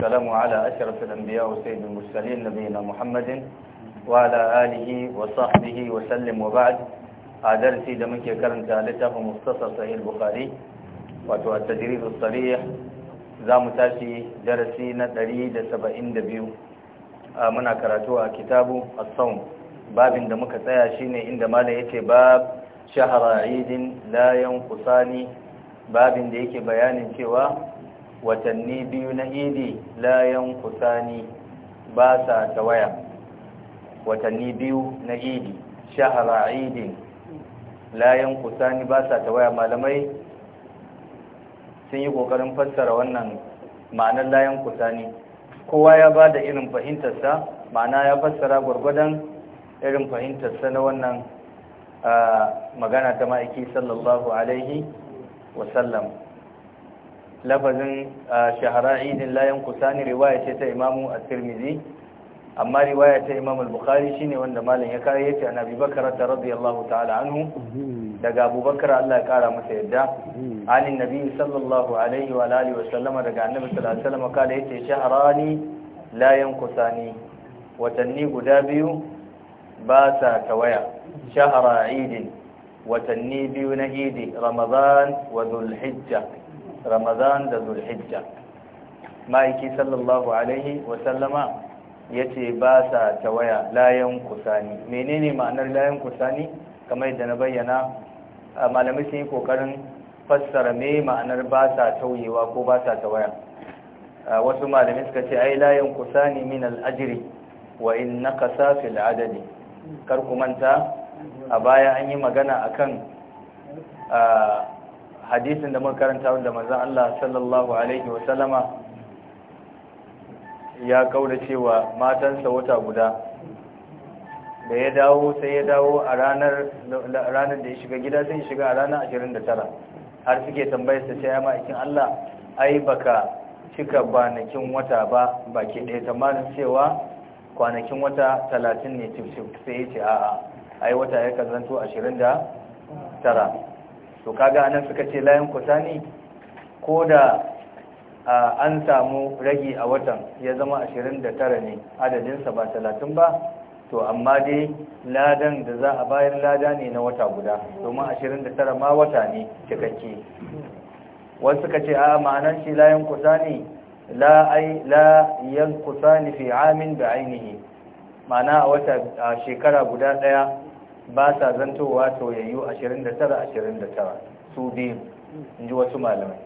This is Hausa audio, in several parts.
السلام على أشرف الأنبياء وسيد المرسلين نبينا محمد وعلى آله وصحبه وسلم وبعد أدرسي دمك كرمت ألتف مختصر صحيح البخاري وتدريب الصريح za mu tashi darasi na ɗari da da saba'in biyu muna karatu a kitabu as-sawm babin da muka tsaya shine inda malam yake bab shahra idin la babin da yake bayanin cewa watanni biyu na idi layan kusani ba sa tawaya watanni biyu na idi shahara idin layan kusani ba sa tawaya malamai sun yi kokarin fassara wannan ma'anar layan kusani kowa ya ba da irin fahimtarsa ma'ana ya fassara gwargwadon irin fahimtarsa na wannan ah, magana ta ma'aiki sallallahu alaihi wasallam lafazin shahara idin layan kusani riwaya ce ta imamu a tirmizi amma riwaya ta imam al-bukhari shine wanda malam ya kare ya ce yace annabi bakar radiyallahu ta'ala anhu daga abubakar Allah ya kara masa yadda anin nabi sallallahu alaihi wa alihi wa sallama daga annabi sallallahu alaihi wa sallama kale yace shahrani la yanqusani watanni guda biyu ba sa tawaya shahra idin watanni biyu na idi ramadan wa dhulhijja ramadan da zulhijja ma'aiki sallallahu alaihi wasallama ya ce ba sa tawaya layan kusani menene ma'anar layan kusani kamar yadda na bayyana malamai sun yi kokarin fassara me ma'anar ba sa tauyewa ko ba sa tawaya wasu malamai suka ce ai layan kusani min al'ajiri wa in naqasa fil adadi kar ku manta a baya an yi magana akan hadisin da karanta wanda manzon Allah sallallahu alaihi wa sallama ya kaura cewa matansa wata guda da ya dawo sai ya dawo a ranar ranar da ya shiga gida sai ya shiga a ranar 29 har suke tambayar sa sai ya ma ikin Allah ai baka cika banakin wata ba baki ɗaya tamanin cewa kwanakin wata talatin ne cif sai ya ce a'a ai wata ya kazanto ashirin da tara to kaga anan suka ce layan kusani ko da an samu ragi a watan ya zama 29 ne adadinsa ba 30 ba to amma dai ladan da za a bayar lada ne na wata guda domin 29 ma wata ne cikakke wasu suka ce a ma'anar shi layan kusani la yan kusani fi amin da ainihi ma'ana a wata shekara guda daya ba sa zantowa toyayyu 29-29 su biyu in ji wasu malamai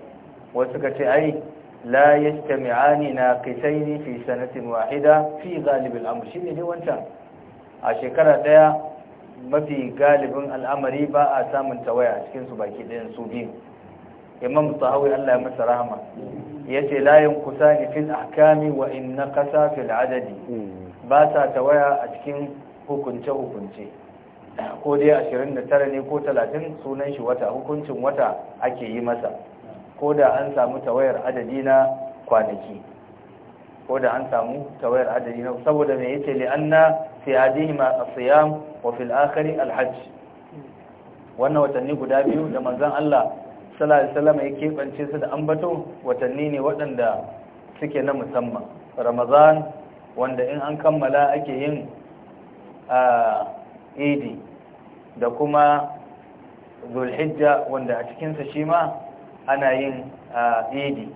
wasu ka ce ai la ya jami'ani na kisaini fi sanatin wahida fi galibin amur shi ne dai wancan a shekara daya mafi galibin al'amari ba a samun tawaya a cikinsu baki ɗayan su biyu imam sahawi allah ya masa rahama ya ce layin kusa ne fil ahkami wa in na kasa fil adadi hmm. ba sa tawaya a cikin hukunce-hukunce ko dai ashirin da tara ne ko talatin sunan shi wata hukuncin wata ake yi masa ko da an samu tawayar adadi na kwanaki ko da an samu tawayar adadi na saboda mai yace li anna fi hadihim as-siyam wa fil akhir al-hajj wannan watanni guda biyu da manzon Allah sallallahu alaihi wasallam ya kebance su da ambato watanni ne waɗanda suke na musamman Ramadan wanda in an kammala ake yin a ah, idi da kuma zulhijja wanda a cikinsa shi ma ana yin idi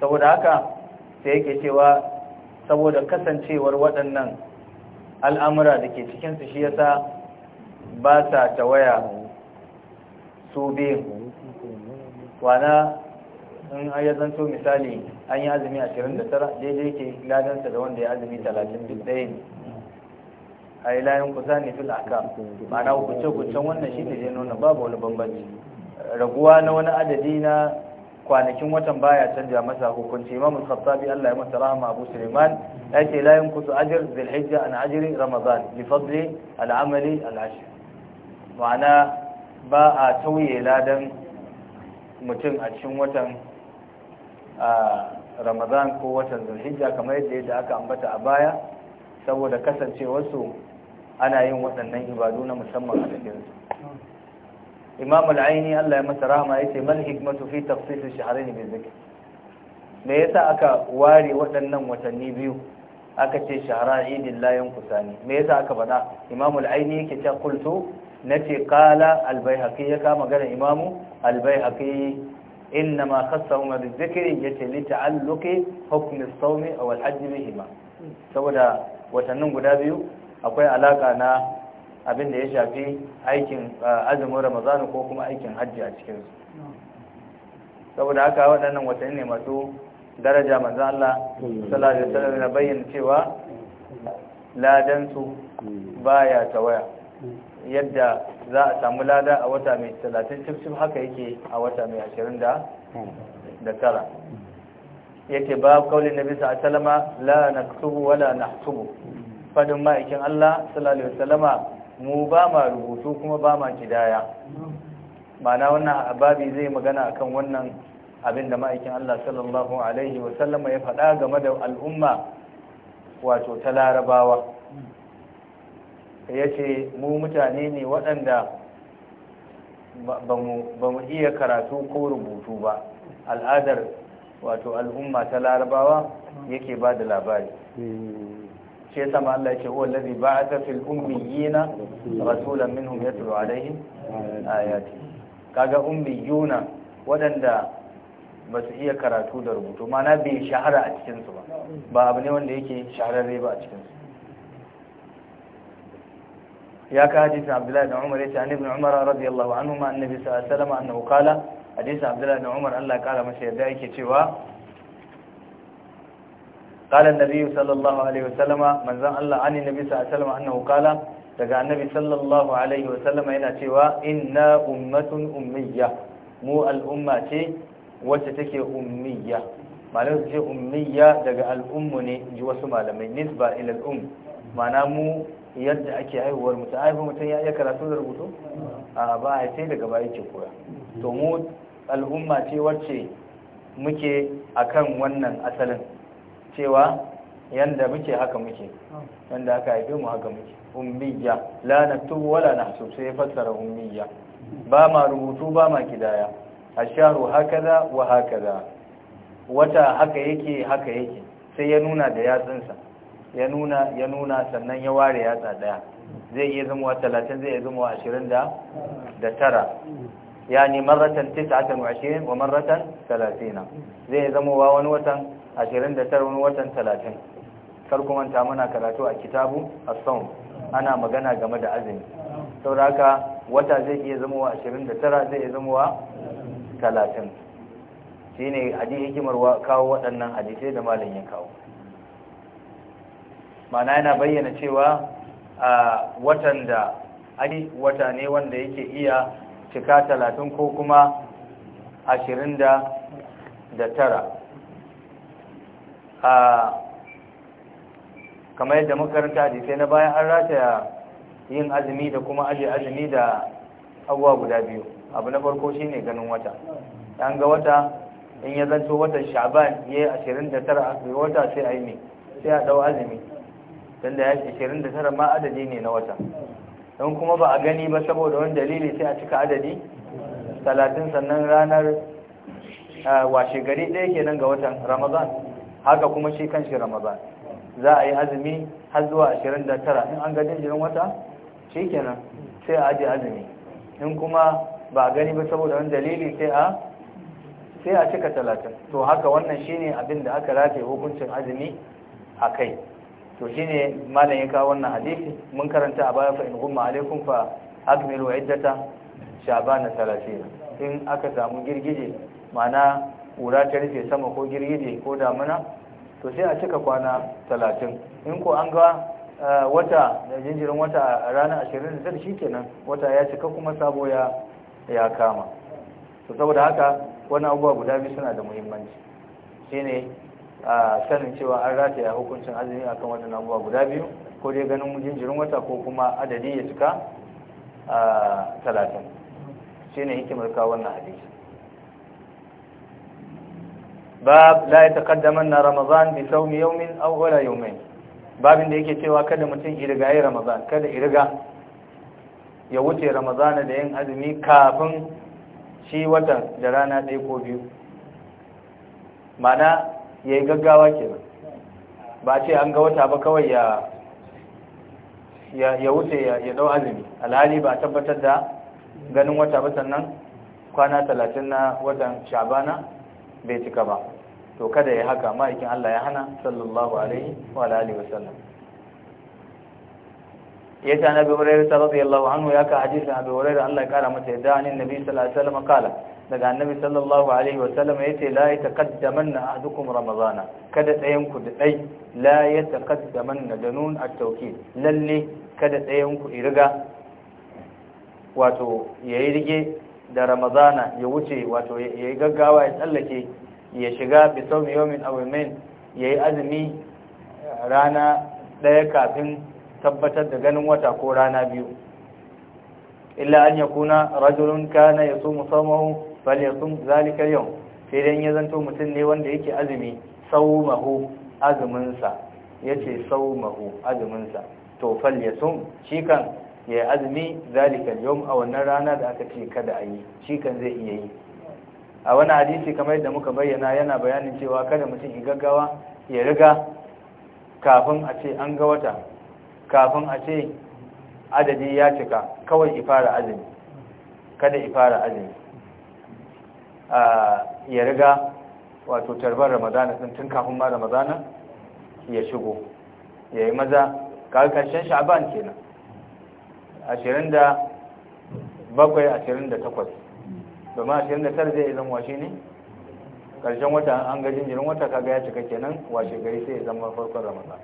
saboda haka sai yake cewa saboda kasancewar waɗannan al'amura da ke cikinsu shi yasa ba sa tawaya su biyun wana in ya zanto misali an yi azumi 29 daidai ke ladansa da wanda ya azumi 31 ai layin ku zani fil aka ma'ana kuce kucen wannan shi ne zai nuna babu wani bambanci raguwa na wani adadi na kwanakin watan baya canja masa hukunci imam al-khattabi Allah ya masa rahama abu sulaiman yake la yanqusu ajr dhil hijja an ajri ramadan bi fadli al-amali al-ashr ma'ana ba a tauye ladan mutum a cikin watan ramadan ko watan zulhijja kamar yadda aka ambata a baya saboda kasancewarsu ana yin waɗannan ibadu na musamman a cikin su imam al Allah ya masa rahama yace mal hikmatu fi ma ash bi dhikr me yasa aka ware waɗannan watanni biyu aka ce shahara idin la yanqusani me yasa aka bada imam al-aini yake ta qultu nace qala al-baihaqi ya kama gana imamu al-baihaqi إنما خصهما بالذكر يتي لتعلق حكم الصوم أو الحج بهما سودا watannin guda biyu akwai alaka na abin da ya shafi aikin ah, azumin ramadana ko kuma aikin hajji a cikinsu saboda haka waɗannan watanni ne masu daraja manzan Allah sallallahu alaihi wasallam na bayyana cewa ladansu baya tawaya yadda za a samu lada a wata mai 30 cif haka yake a wata mai 20 da tara yake ba kaulin nabi sallallahu alaihi wasallama la naktubu wala nahtubu fadin ma'aikin Allah sallallahu alaihi mu ba ma rubutu kuma ba ma kidaya mana wannan ababi zai magana akan wannan abin da ma'aikin Allah sallallahu alaihi wasallama ya faɗa game da al'umma wato ta larabawa ya ce mu mutane ne waɗanda ba mu iya karatu ko rubutu ba al'adar wato al'umma ta larabawa yake ba da labari hmm. shi yasa ma Allah yake huwa allazi ba'atha fil ummiyina rasulan minhum yatlu alaihim ayati kaga ummiyuna wadanda ba su iya karatu da rubutu mana bai shahara a cikin su ba ba abu ne wanda yake shahararre ba a cikin su ya ka hadisin abdullahi da umar yace an ibn umar radiyallahu anhu ma annabi sallallahu alaihi wasallam annahu qala hadisin abdullahi da umar Allah ya kara masa yadda yake cewa قال النبي صلى الله عليه وسلم من زن الله عن النبي صلى الله عليه وسلم أنه قال daga annabi sallallahu alaihi wa wasallama yana cewa inna ummatun ummiya mu al'umma ce wacce take ummiya malam su ce ummiya daga al'ummu ne ji wasu malamai nisba ila al'um mana mu yadda ake haihuwar mu ta haihuwar mutum ya iya karatu da rubutu a ba a sai daga baya ke koya to mu al'umma ce wacce muke akan wannan asalin cewa yanda muke haka muke yanda aka haife mu haka muke ummiya la naktubu wala nahsub sai fassara ummiya ba ma rubutu ba ma kidaya asharu hakaza wa hakaza wata haka yake haka yake sai ya nuna da yatsunsa ya nuna ya nuna sannan ya ware yatsa daya zai iya zama talatin zai iya zama ashirin da tara yani maratan 29 wa maratan 30 zai iya zama wani watan ashirin da tara wani watan talatin kar manta muna karatu a kitabu a saun ana magana game da azumi sauraka wata zai iya zama wa ashirin da tara zai iya zama wa talatin shi ne hadi hikimar kawo waɗannan hadisai da malam ya kawo mana yana bayyana cewa a watan da ake wata ne wanda yake iya cika talatin ko kuma ashirin da tara a kamar yadda makaranta sai na bayan an rataya yin azumi da kuma aje azumi da abuwa guda biyu abu na farko shine ganin wata an ga wata in ya zanto watan sha'ban ya ashirin da tara a wata sai a yi ne sai a dau azumi don da ya ashirin da tara ma adadi ne na wata don kuma ba a gani ba saboda wani dalili sai a cika adadi talatin sannan ranar washe gari ɗaya kenan ga watan ramadan haka kuma shi kan shi ramadan za a yi azumi har zuwa 29 in an ga jinjirin wata kenan sai a ajiye azumi in kuma ba a gani ba saboda wani dalili sai a cika talatin to haka wannan shine abin da aka rafe hukuncin azumi a kai to shine malam ya kawo wannan hadisi mun karanta a baya fa'in in gumma alaikun fa akmilu iddata sha'ban talatin in aka samu girgije ma'ana kura ta rufe sama ko girgije ko damuna to sai a cika kwana talatin in ko an ga eh, wata da jinjirin wata a ranar ashirin da shi kenan wata ya cika kuma sabo ya ya kama to saboda haka wani abubuwa guda biyu suna da muhimmanci ne a sanin cewa an rataya hukuncin azumi akan wani abubuwa guda biyu ko dai ganin jinjirin wata ko kuma adadi ya cika a talatin sene hikimar kawo wannan hadisi bab la yataqaddamanna ramadan bi sawmi yawmin aw wala yawmayn babin da yake cewa kada mutum irga yi ramadan kada irga ya wuce ramadan da yin azumi kafin shi watan da rana ɗaya ko biyu mana yi gaggawa kenan ba ce an ga wata ba kawai ya ya wuce ya dau azumi alhali ba tabbatar da ganin wata ba sannan kwana talatin na watan shabana bai cika ba to kada ya haka ma'aikin Allah ya hana sallallahu alaihi wa alihi wasallam yace ta hurairah radiyallahu anhu ya ka hadisin abu hurairah Allah ya kara masa yadda annabi nabi sallallahu alaihi wasallam kala daga annabi sallallahu alaihi wa wasallam yace la yataqaddamanna ahadukum ramadana kada dayan ku da dai la yataqaddamanna danun at-tawkid lalle kada dayan ku riga wato yayi rige da ramazana ya wuce wato ya yi gaggawa ya tsallake ya shiga bisau yomin awimin ya yi azumi eh, rana ɗaya kafin tabbatar da ganin wata ko rana biyu illa an ya kuna rajulun kana ya so musamman bal ya sun zalika yau sai dai ya zanto mutum ne wanda yake azumi mahu azuminsa ya ce saumahu azuminsa to fal ya sun shi kan ya yi azumi zalikal yawm a wannan rana da aka ce kada a yi shi kan zai iya yi a wani hadisi kamar yadda muka bayyana yana bayanin cewa kada mutum ya gaggawa ya riga kafin a ce an ga wata kafin a ce adadi ya cika kawai ifara azumi kada ifara azumi ya riga wato tarbar ramadana sun tun kafin ma ramadana ya shigo ya yi maza kawai karshen sha'aban kenan ashirin da bakwai ashirin da takwas domin ashirin da tara zai yi zama washe ne ƙarshen wata an ga jinjirin wata kaga ya cika kenan washe gari sai ya zama farkon ramadan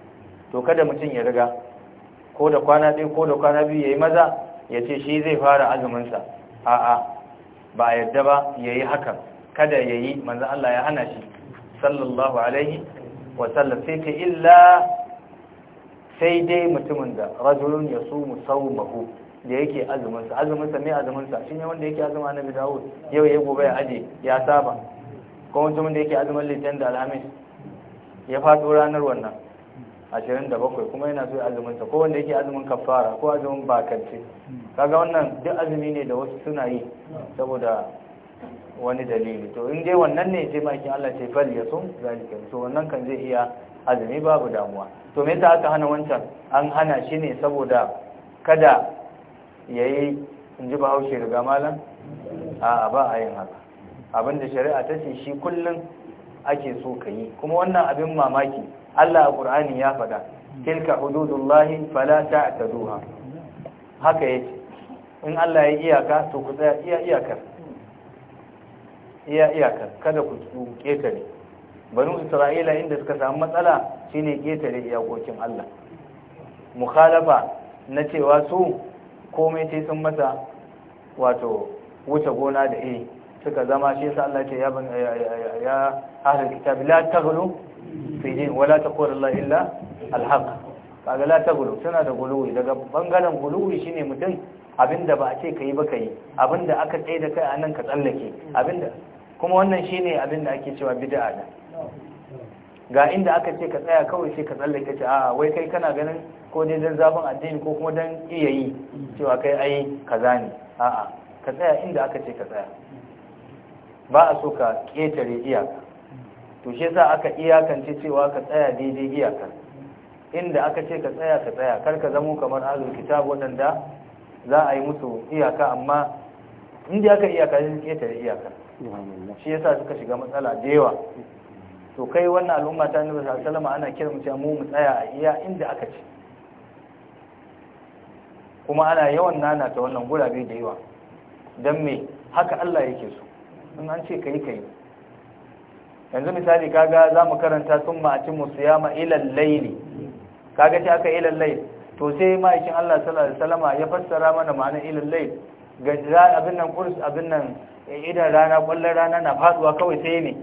to kada mutum ya riga ko da kwana ɗaya ko da kwana biyu ya yi maza ya ce shi zai fara azuminsa a'a ba a yadda ba ya yi hakan kada ya yi manzan Allah ya hana shi sallallahu alaihi wasallam sai ka illa sai dai mutumin da rajulun ya su mahu da yake azuminsa mai azumin shi ne wanda yake azumin annabi Dawud yau ya gobe ya aje ya saba ko mutumin da yake azumin litinin da alhamis ya fatsu ranar wannan 27 kuma yana zuwa azuminsa ko wanda yake azumin kafara ko azumin bakance kaga wannan duk azumi ne da wasu suna yi saboda wani dalili to in dai wannan ne sai makin Allah ce fal sun zalika to wannan kan zai iya azumi babu damuwa to me yasa aka hana wancan an hana shi ne saboda kada yayi in ji bahaushe riga malam a'a ba a yin haka abinda shari'a ta ce shi kullum ake so ka yi kuma wannan abin mamaki Allah a Qur'ani ya faɗa tilka hududullahi fala ta'taduha haka yake in Allah ya iyaka to ku tsaya iya iyakar iya iyakar kada ku ketare banu isra'ila inda suka samu matsala shine ketare iyakokin Allah mukhalafa na cewa su komai sai sun masa wato wuce gona da eh suka zama shi yasa Allah ya ban ya ahlul kitab la taghlu fi din wala taqul Allah illa al kaga la taghlu tana da gulu daga bangaren gulu shine mutum abinda ba a ce kai ba kai abinda aka tsaye da kai anan ka tsallake abinda kuma wannan shine abin da ake cewa bid'a da ga inda aka ce ka tsaya kawai sai ka tsallake ce a wai kai kana ganin ko dai dan zafin addini ko kuma dan iya yi cewa kai ai kaza ne a'a ka tsaya inda aka ce ka tsaya ba a so ka ketare iyaka to shi yasa aka iyakance cewa ka tsaya daidai iyaka inda aka ce ka tsaya ka tsaya kar ka zamo kamar ahlul kitab wadanda za a yi musu iyaka amma inda aka iyaka ne ketare iyaka. shi yasa suka shiga matsala da yawa to kai wannan al'umma ta annabi sallallahu alaihi ana kiran mu mu mu tsaya a iya inda aka ci. kuma ana yawan nana ta wannan gurabe da yawa dan me haka Allah yake so in an ce kai kai yanzu misali kaga za mu karanta sun ma'acin musu ya ma'ilan laili kaga ce aka ilan laili to sai ma'aikin Allah sallallahu ya fassara mana ma'anar ilan laili ga abin nan kurs abin nan idan rana kwallon rana na faduwa kawai sai ne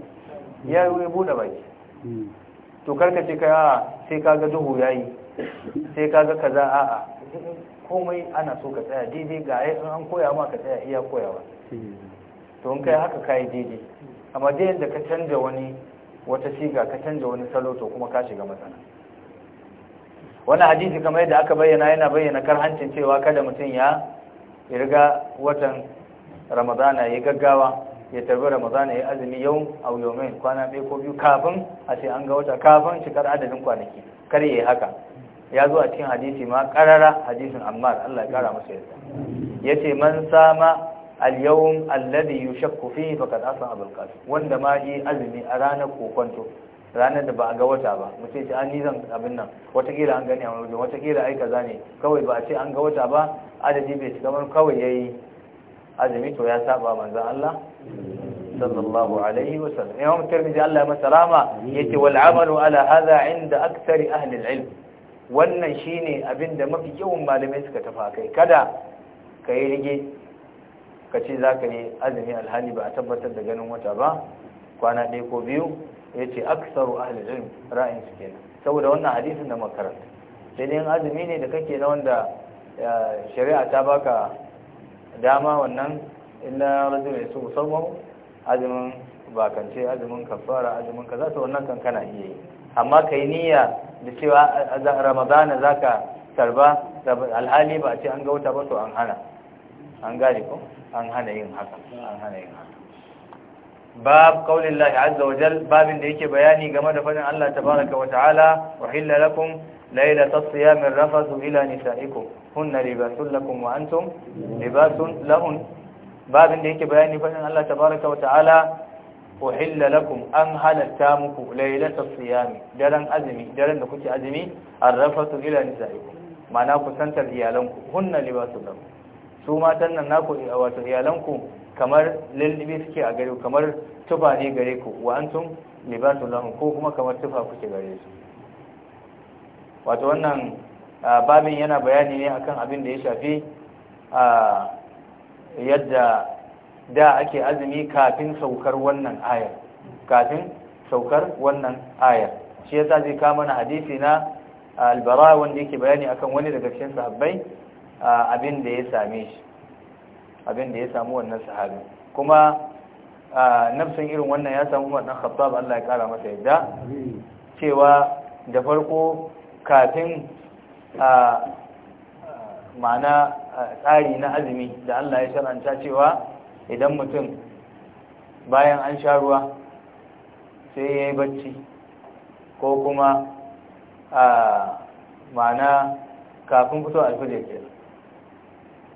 ya buɗe baki hmm. to karka ce ka yawa sai ka ga duhu yayi sai ka ga kaza a'a komai ana so ka tsaya daidai ga yi an koya ma ka tsaya iya koyawa to in kai haka kayi daidai amma dai yadda ka canja wani wata shiga ka canja wani salo to kuma ka shiga matsala wani hadisi kamar yadda aka bayyana yana bayyana karhancin cewa kada mutum ya ya riga watan ramadana ya gaggawa ya tarbi ramadana ya azumi yau a yomin kwana ɗaya ko biyu kafin a ce an ga wata kafin shekar adadin kwanaki kar ya yi haka ya zo a cikin hadisi ma karara hadisin ammar Allah ya kara masa ya ce man sama al-yawm alladhi yushakku fihi faqad asa abul qasim wanda ma yi azumi a ranar kokonto ranar da ba a ga wata ba mu ce an yi zan abin nan watakila an gani a wajen watakila ai kaza ne kawai ba a ce an ga wata ba adadi bai shiga wani kawai ya yi azumi to ya saba manzo Allah sallallahu alaihi wasallam imam tirmidhi Allah ya masa rama yace wal amalu ala hadha inda akthar ahli al ilm wannan shine abinda mafi yawan malamai suka tafa kai kada kai rige ka ce zaka yi azumi alhali ba a tabbatar da ganin wata ba kwana ɗaya ko biyu yace aktsaru ahli al ilm ra'ayin su kenan saboda wannan hadisin da makaranta sai dai azumi ne da kake na wanda shari'a ta baka dama wannan illa rajul yasu musamman azumin bakance azumin kafara azumin za to wannan kankana iya yi amma yi niyya da cewa ramadana za ka tarba alhali ba a ce an ga wata ba to an hana an gane ko an hana yin haka an hana yin haka باب قول الله عز وجل باب da yake bayani game da fadin Allah وتعالى وحل لكم ليلة الصيام الرفث إلى نسائكم هن لباس لكم وأنتم لباس لهن babin da yake bayani fadin Allah tabaraka wa ta'ala uhilla lakum an halatta muku lailatul min daren azumi daren da kuke azumi arrafatu ila nisaikum mana kusantar iyalanku hunna libasul lakum su matan nan naku wato iyalanku kamar lillibi suke a gare ku kamar tuba ne gare ku wa'antun antum libasul ko kuma kamar tufa kuke gare su wato wannan babin yana bayani ne akan abin da ya shafi yadda da ake azumi kafin saukar wannan ayar kafin saukar wannan ayar shi yasa zai kama na hadisi na albara wanda yake bayani akan wani daga cikin sahabbai abin da ya same shi abin da ya samu wannan sahabi kuma nafsin irin wannan ya samu wannan khattab Allah ya kara masa yadda cewa da farko kafin a ma'ana tsari na azumi da Allah ya shar'anta cewa idan mutum bayan an sha ruwa sai ya yi bacci ko kuma a ma'ana kafin fito alfajir ke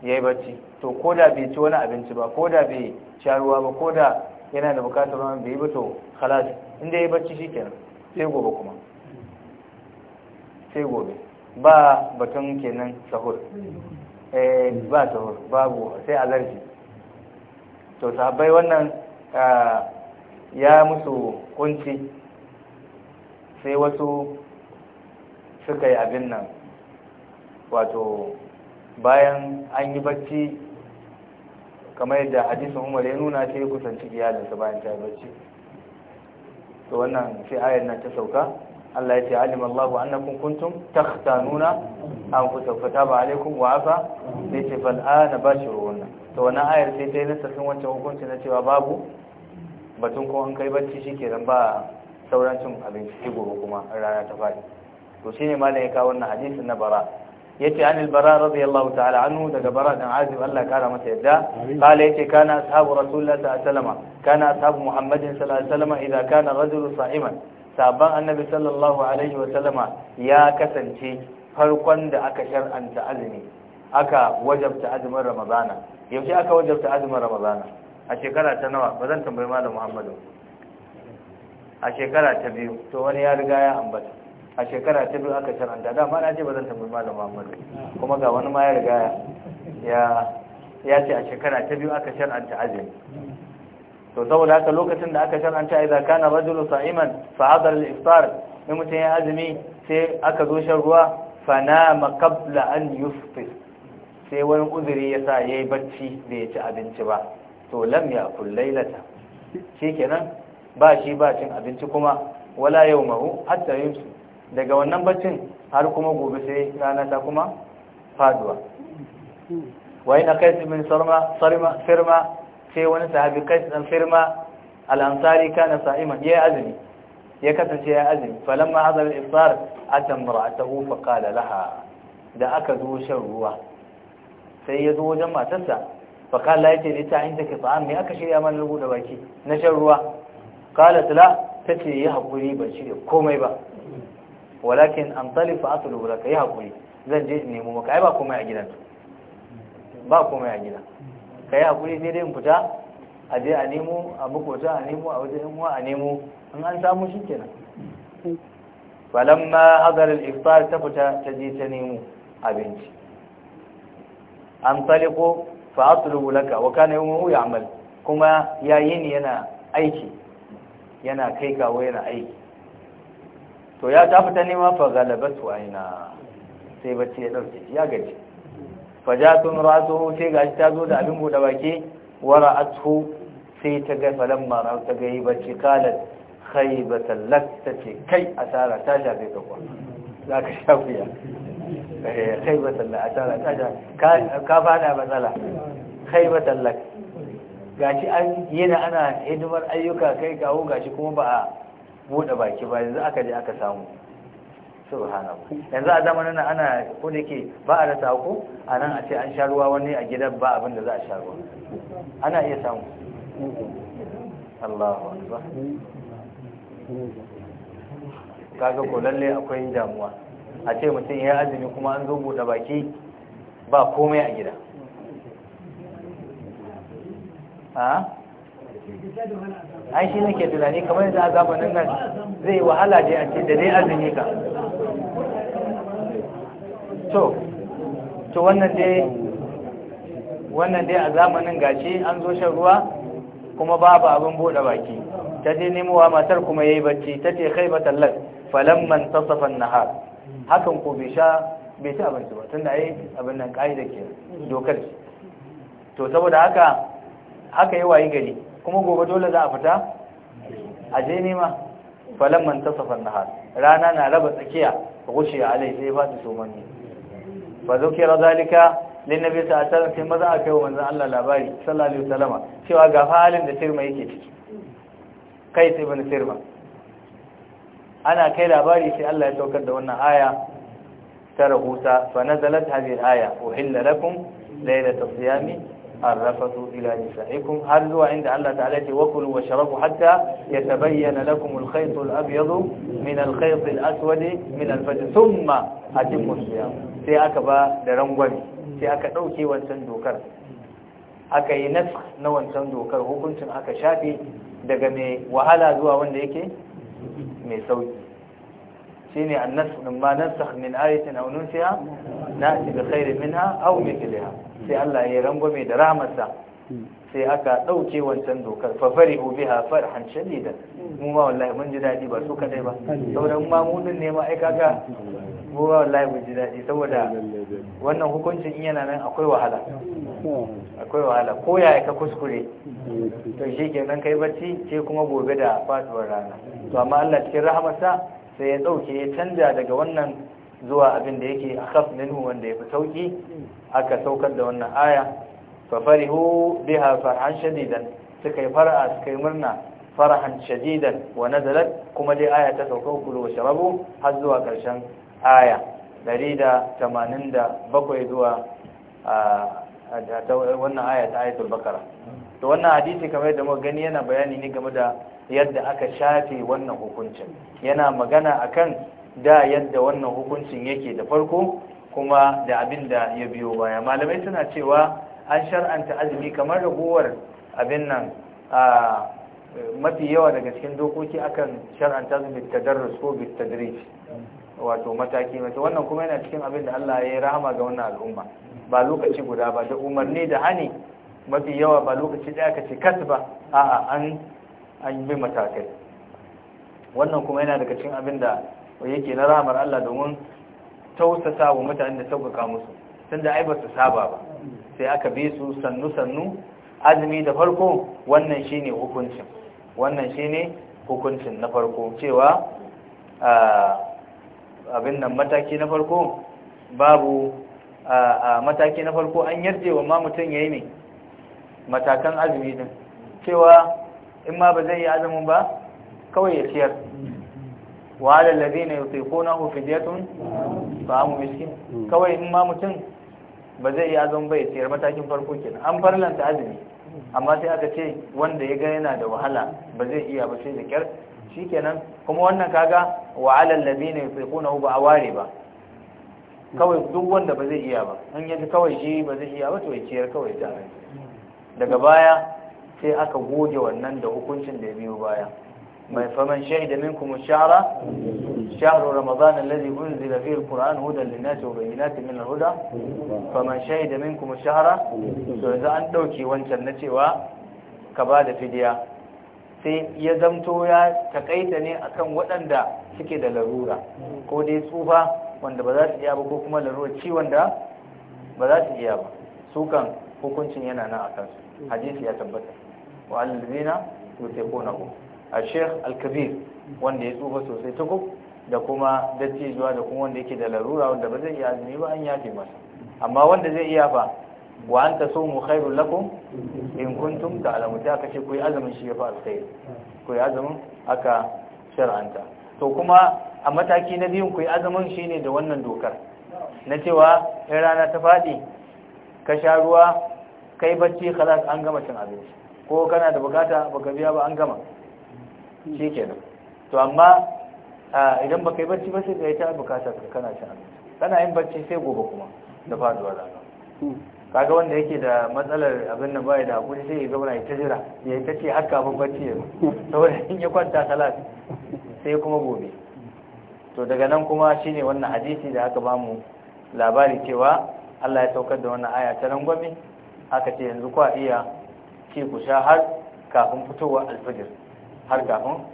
ya yi bacci to ko da bai ci wani abinci ba ko da bai sha ruwa ba ko da yana da bukatar wani bai yi ba to halas inda ya yi bacci shi kenan sai gobe kuma sai gobe ba batun kenan sahur eh ba sahur babu sai azarci to sahabbai wannan ya musu kunci sai wasu suka yi abin nan wato bayan an yi bacci kamar yadda hadisin umar ya nuna sai kusanci iyalinsa bayan ta yi bacci to wannan sai ayar nan ta sauka Allah ya ce alim Allah annakum kuntum takhtanuna anfusakum fataba alaikum wa afa sai ce shi ruwan nan. to wani ayar sai ta yi nasarin wancan hukunci na cewa babu batun ko an kai bacci shi shikenan ba sauran cin abinci sai gobe kuma rana ta fadi to shine malam ya kawo wannan hadisin na bara yace an al-bara radiyallahu ta'ala anhu daga bara dan azib Allah kara masa yadda kala yace kana ashabu rasulullahi sallallahu alaihi wasallam kana ashabu muhammadin sallallahu alaihi wasallam idza kana rajulun sa'iman sabon annabi sallallahu alaihi wasallama ya kasance farkon da aka shar'anta azumi aka wajabta azumin ramadana yaushe aka wajabta azumin ramadana a shekara ta nawa ba zan tambayi malam muhammadu a shekara ta biyu to wani ya riga ya ambata a shekara ta biyu aka shar'anta dama na ce ba zan tambayi malam muhammadu kuma ga wani ma ya riga ya ya ce a shekara ta biyu aka shar'anta azumi to saboda haka lokacin da aka shar'anta idza kana rajulu sa'iman fa hadar al-iftar in mutum ya azumi sai aka zo shan ruwa fa nama qabla an yuftir sai wani uzuri ya sa yayi bacci bai ci abinci ba to lam yakul laylata shikenan ba shi ba cin abinci kuma wala yawmahu hatta yumsi daga wannan baccin har kuma gobe sai rana ta kuma faduwa wa ina kai min sarma sarma firma sai wani sahabi kai dan firma al-ansari kana sa'iman ya azumi ya kasance ya azumi falamma hadha al-iftar atamra'atuhu fa qala laha da aka zo shan ruwa sai ya zo wajen matarsa fa qala yace ni ta inda ke ta'am me aka shirya mana rubuta baki na shan ruwa qalat la tace yi hakuri ban shirya komai ba walakin an talifa atlubu laka yi hakuri zan je in nemo maka ai ba komai a gidan ba komai a gidan ka yi hakuri sai dai in fita a je a nemo a makota a nemo a wajen yanwa a nemo in an samu shi kenan falon ma al-iftar ta fita ta je ta nemo abinci an taliko fa atlubu laka wa kana yawmuhu amal kuma ya yi ni yana aiki yana kai kawo yana aiki to ya ta fita nema fa galabatu aina sai bacci ya dauke ya gaji fajatun ratu sai gashi ta zo da abin bude baki wa ra'atuhu sai ta ga falamma ra ta ga yi bacci kalat khaybatan lak ta ce kai asara ta shafe ka kwa zaka shafiya eh khaybatan lak asara ta shafe ka fada matsala khaybatan lak gashi an yana ana hidimar ayyuka kai kawo gashi kuma ba a bude baki ba yanzu aka je aka samu subhanallah yanzu a zamanin nan ana ko da ke ba a rasa ku a nan a ce an sha ruwa wani a gidan ba abin da za a sha ruwa ana iya samu Allahu akbar kaga ko lalle akwai damuwa a ce mutum ya azumi kuma an zo bude baki ba komai a gida ai shi nake tunani kamar yadda a zamanin nan zai wahala je a ce da dai azumi ka to to wannan dai wannan dai a zamanin gashi an zo shan ruwa kuma babu abin bude baki ta je nemowa matar kuma yayi bacci ta ce khaybatan lak falamman tasafa an-nahar hakan ko bai sha bai ci abinci ba tunda ai abin nan kaida ke dokar to saboda haka haka yi wayi gari kuma gobe dole za a fita a je nema falamman tasafa an-nahar rana na raba tsakiya gushe alai sai ba su so manni fa zukira zalika lin nabi sallallahu sai maza a kai wa manzon Allah labari sallallahu alaihi cewa ga halin da sirma yake kai sai sirma ana kai labari sai Allah ya saukar da wannan aya ta rahusa fa nazalat hadhihi al-aya uhilla lakum laylatas siyami الرفث إلى نسائكم هل هو عند الله ya وكلوا واشربوا حتى يتبين لكم min الأبيض من min الأسود sun ma ثم أتموا الصيام sai aka ba da rangwami sai aka ɗauke wancan dokar aka yi nas na wancan dokar hukuncin aka shafe daga mai wahala zuwa wanda yake mai sauki shi ne an nas ɗin ba nas min ayatin aunin siya na shiga da min ha au mithliha sai Allah ya yi rangwame da rahamarsa sai aka ɗauke wancan dokar fafari obi hafar farhan da mu ma wallahi mun ji daɗi ba su kadai ba sauran mamunin ne ma ai kaga mu ma wallahi mun ji daɗi saboda wannan hukuncin in yana nan akwai wahala akwai wahala ko ya ka kuskure to shi kenan kai bacci ce kuma gobe da faduwar rana to amma Allah cikin rahamarsa sai ya ɗauke ya canja daga wannan zuwa abin da yake akhaf minhu wanda ya fi sauki aka saukar da wannan aya fafarihu biha farhan shadidan suka yi fara'a suka yi murna farahan shadidan wa nazalat kuma dai aya ta sauka kulu wa sharabu har zuwa karshen aya 187 zuwa wannan aya ta ayatul bakara to wannan hadisi kamar yadda muka gani yana bayani ne game da yadda aka shafe wannan hukuncin yana magana akan da yadda wannan hukuncin yake da farko kuma da abinda ya biyo baya malamai suna cewa an shar'anta azumi kamar ragowar abin nan a mafi yawa daga cikin dokoki akan shar'anta su bitadarrus ko bitadrij wato mataki mata wannan kuma yana cikin abin da Allah ya yi rahama ga wannan al'umma ba lokaci guda ba da umarni da hani mafi yawa ba lokaci ɗaya ka ce kas ba a'a an an bi matakai wannan kuma yana daga cikin abin da yake na rahamar Allah domin tausasa wa mutanen da sauƙaƙa musu tunda ai ba su saba ba sai aka bi su sannu sannu azumi da farko wannan shine hukuncin wannan shine hukuncin na farko cewa abin nan mataki na farko babu a mataki na farko an yarje wa ma mutum yi ne matakan azumi din cewa in ma ba zai yi azumin ba kawai ya ciyar wa na ladina yutiqunahu ba amu miskin hmm. kawai in ma mutum ba zai iya zan bai tsayar matakin farko kenan an farlanta azumi amma sai aka ce wanda ya ga yana da wahala ba zai iya ba sai zikir kyar kenan kuma wannan kaga wa alal ladina yutiquna ba ware ba kawai duk wanda ba zai iya ba in yaji kawai shi ba zai iya ba to ya ciyar kawai ta daga baya sai aka goge wannan da hukuncin da ya biyo baya فمن شهد منكم الشهر شهر رمضان الذي أنزل فيه القرآن هدى للناس وبينات من الهدى فمن شهد منكم الشهر إذا أن دوكي وانشان نتوى كبادة فدية sai ya zamto ya takaita ne akan waɗanda suke da larura ko dai tsufa wanda ba za su iya ba ko kuma larura ciwon da ba za su iya ba su kan hukuncin yana nan a kansu hadisi ya tabbata wa allazina yutiquna a sheikh al-kabir wanda ya tsufa sosai tukub da kuma dattijuwa da kuma wanda yake da larura wanda ba zai iya azumi ba an yafe masa amma wanda zai iya fa wa anta mu khairul lakum in kuntum ta'lamun ta kace ku yi azumin shi ya alkhair ku yi azumin aka shar'anta to kuma a mataki na biyun kuyi azumin shi ne da wannan dokar na cewa in rana ta fadi ka sha ruwa kai bacci khalas an gama cin abinci ko kana da bukata baka biya ba an gama shi kenan to amma idan baka yi bacci ba sai ka yi ta bukatar ka kana shi kana yin bacci sai gobe kuma da faduwar Ka kaga wanda yake da matsalar abin da bai da hakuri sai ya zauna ya ta jira ya ta ce har kafin bacci ya saboda in ya kwanta salat sai kuma gobe to daga nan kuma shine wannan hadisi da aka bamu labari cewa Allah ya saukar da wannan aya ta nan gwami aka ce yanzu kwa iya ci ku sha har kafin fitowa alfajir har kafin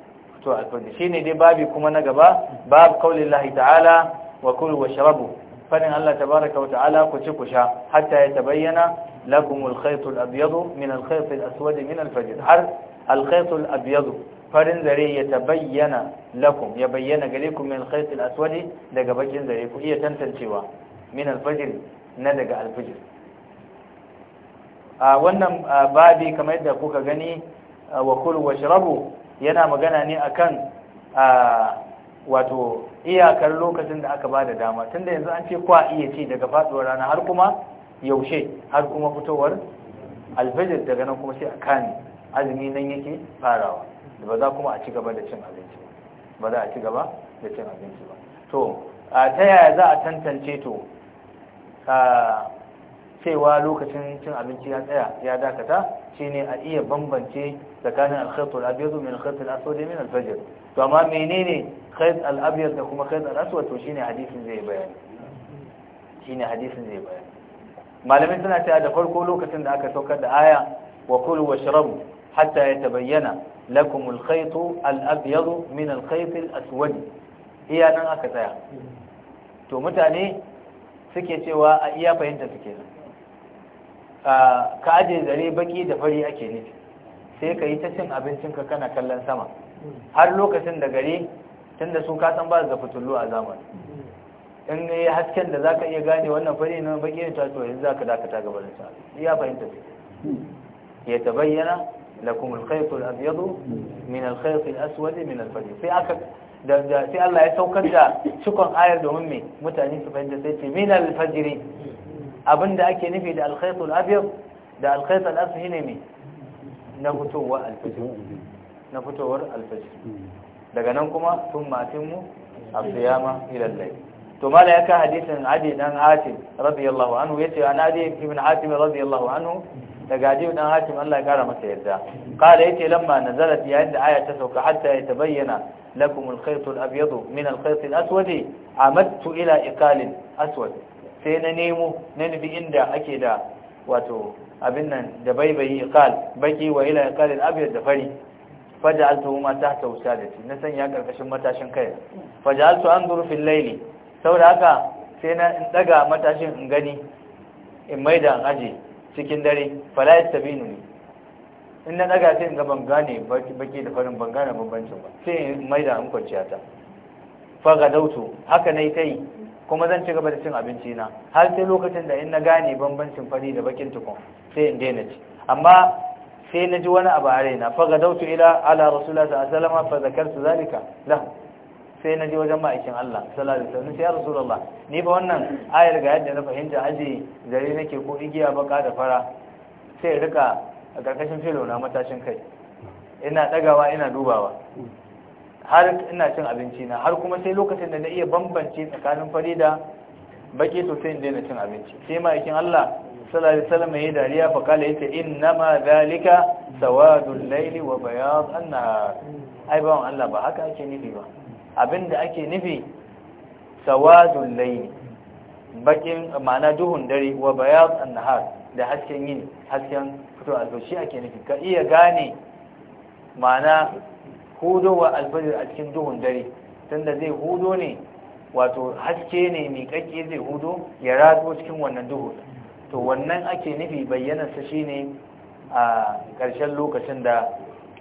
to alfajir shine dai babi kuma na gaba bab qaulillahi ta'ala wa kulu washrabu fadin Allah tabaraka wa ta'ala ku ci ku sha hatta ya tabayyana lakum al-khayt al-abyad min al-khayt al-aswad min al-fajr har al-khayt al-abyad farin zare ya tabayyana lakum ya bayyana gare ku min al-khayt al-aswad daga bakin zare ku iya tantancewa min al-fajr na daga al-fajr a wannan babi kamar yadda kuka gani wa kulu washrabu yana magana ne akan wato iyakar lokacin da aka bada dama tunda yanzu an ce kwa iya ce daga faduwar rana har kuma yaushe har kuma fitowar alfajir daga nan kuma sai a kane azumi nan yake farawa ba za kuma a ci gaba da cin abinci ba za a ci gaba da cin abinci ba to ta yaya za a tantance to cewa lokacin cin abinci ya tsaya ya dakata shine a iya bambance tsakanin alkhaitul abyadu min alkhaitul aswad min alfajr to amma menene khait al-abyad da kuma khait al-aswad to shine hadisin zai bayani shine hadisin zai bayani malamin suna cewa da farko lokacin da aka saukar da aya wa kulu washrabu hatta yatabayyana lakum al-khayt al-abyad min al-khayt al-aswad iya nan aka tsaya to mutane suke cewa a iya fahimta suke nan ah, ka aje zare baki da fari ake nufi sai ka yi ta cin abincinka kana kallon sama har lokacin da gari tun da su kasan ba da fitullu a zamani in yi hasken da za ka iya gane wannan fari na baki ne ta yanzu za ka dakata gaba da ta ya fahimta su ya ta bayyana da kuma alkhaifin abyadu min alkhaytul aswadi min alfari sai aka da sai Allah ya saukar da cikon ayar domin mai mutane su fahimta sai ce min alfajiri abinda ake nufi da alkhaifin abyad da alkhaifin aswadi ne mai. na fitowar alfajir na fitowar alfajir daga nan kuma tun matin mu asiyama ila al-layl to mala yaka hadisin adi dan hatim radiyallahu anhu yace an adi ibn hatim radiyallahu anhu daga adi dan hatim Allah ya kara masa yarda qala yace lamma nazalat yayin da aya ta sauka hatta ya tabayyana lakum al-khayt al-abyad min al-khayt al-aswad amadtu ila iqal aswad sai na nemo na nufi inda ake da wato abin nan da bai bai qal baki wa ila qal al-abyad da fari faj'altuhu ma tahta usadati na sanya karkashin matashin kai faj'altu anzuru fil layli saboda haka sai na in daga matashin in gani in maida in aje cikin dare fala yastabinu ni in na daga sai in ga ban gane baki da farin ban gane bambancin ba sai in maida in kwanciya ta fagadautu haka na yi ta yi kuma zan ci gaba da cin abinci na har sai lokacin da in na gane bambancin fari da bakin tukun sai in daina ci amma sai na ji wani abu a raina fagadautu ila ala rasulullah sallallahu alaihi wasallam fa zakartu zalika la sai na ji wajen ma'aikin Allah sallallahu alaihi wasallam sai ya rasulullah ni ba wannan ayar ga yadda na fahimta aje zare nake ko igiya baka da fara sai rika a karkashin filo na matashin kai ina dagawa ina dubawa har ina cin abinci na har kuma sai lokacin da na iya bambance tsakanin fari da baki to sai in daina cin abinci sai ma'aikin Allah sallallahu alaihi wasallam yayi dariya fa kala yace ma zalika sawadul layli wa bayad anna nahar ai bawon Allah ba haka ake nufi ba abinda ake nufi sawadul layli bakin ma'ana duhun dare wa bayad anna nahar da hasken yini hasken fito albashi ake nufi ka iya gane ma'ana wa alfajir a cikin duhun dare tunda zai hudo ne wato haske ne miƙaƙƙe zai hudo ya rasu cikin wannan duhu to wannan ake nufi shi shine a ƙarshen lokacin da